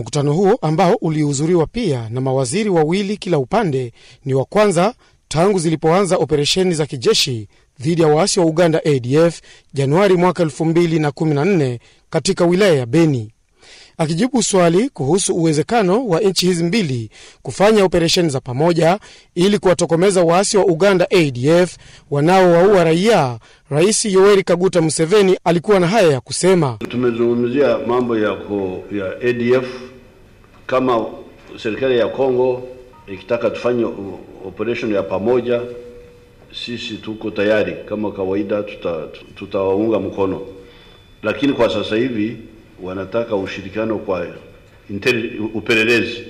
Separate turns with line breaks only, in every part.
Mkutano huo ambao ulihudhuriwa pia na mawaziri wawili kila upande, ni wa kwanza tangu zilipoanza operesheni za kijeshi dhidi ya waasi wa Uganda ADF Januari mwaka 2014 katika wilaya ya Beni. Akijibu swali kuhusu uwezekano wa nchi hizi mbili kufanya operesheni za pamoja ili kuwatokomeza waasi wa Uganda ADF wanaowaua raia, Rais Yoweri Kaguta Museveni alikuwa na haya ya kusema.
Tumezungumzia mambo ya, ya ADF kama serikali ya Kongo ikitaka tufanye operation ya pamoja, sisi tuko tayari kama kawaida, tutawaunga tuta mkono, lakini kwa sasa hivi wanataka ushirikiano kwa upelelezi.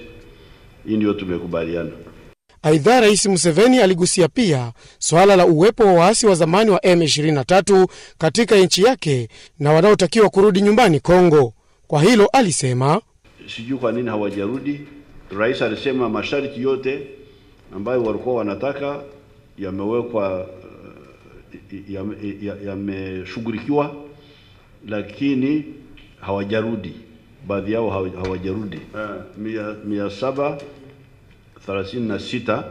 Hii ndio tumekubaliana.
Aidha, Rais Museveni aligusia pia swala la uwepo wa waasi wa zamani wa M23 katika nchi yake na wanaotakiwa kurudi nyumbani Kongo. Kwa hilo alisema
sijui kwa nini hawajarudi. Rais alisema masharti yote ambayo walikuwa wanataka yamewekwa, eh, yameshughulikiwa, lakini hawajarudi, baadhi yao hawajarudi. Eh. Mia, saba thelathini na sita.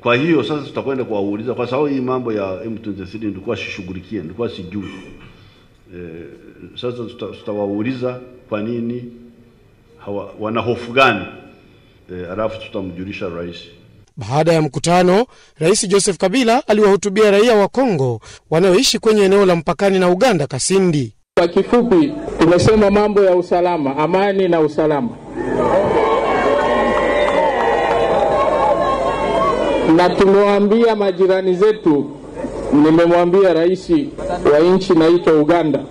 Kwa hiyo sasa tutakwenda kuwauliza, kwa sababu hii mambo ya M23 nilikuwa sishughulikie, nilikuwa sijui. E, sasa tutawauliza kwa nini hawa, wana hofu gani e, alafu tutamjulisha rais.
Baada ya mkutano, Rais Joseph Kabila aliwahutubia raia wa Kongo wanaoishi kwenye eneo la mpakani na Uganda, Kasindi. Kwa kifupi, tumesema mambo ya usalama, amani na usalama,
na tumewaambia majirani zetu. Nimemwambia rais wa nchi inaitwa Uganda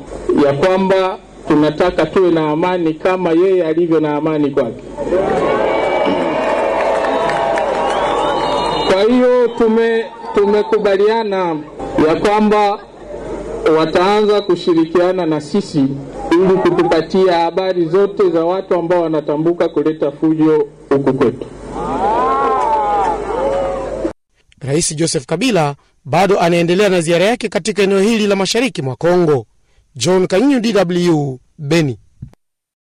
ya kwamba tunataka tuwe na amani kama yeye alivyo na amani kwake. Kwa hiyo tume tumekubaliana ya kwamba wataanza kushirikiana na sisi ili kutupatia habari zote za watu ambao wanatambuka kuleta fujo huku kwetu.
Rais Joseph Kabila bado anaendelea na ziara yake katika eneo hili la mashariki mwa Kongo. John Kanyunyu, DW, Beni.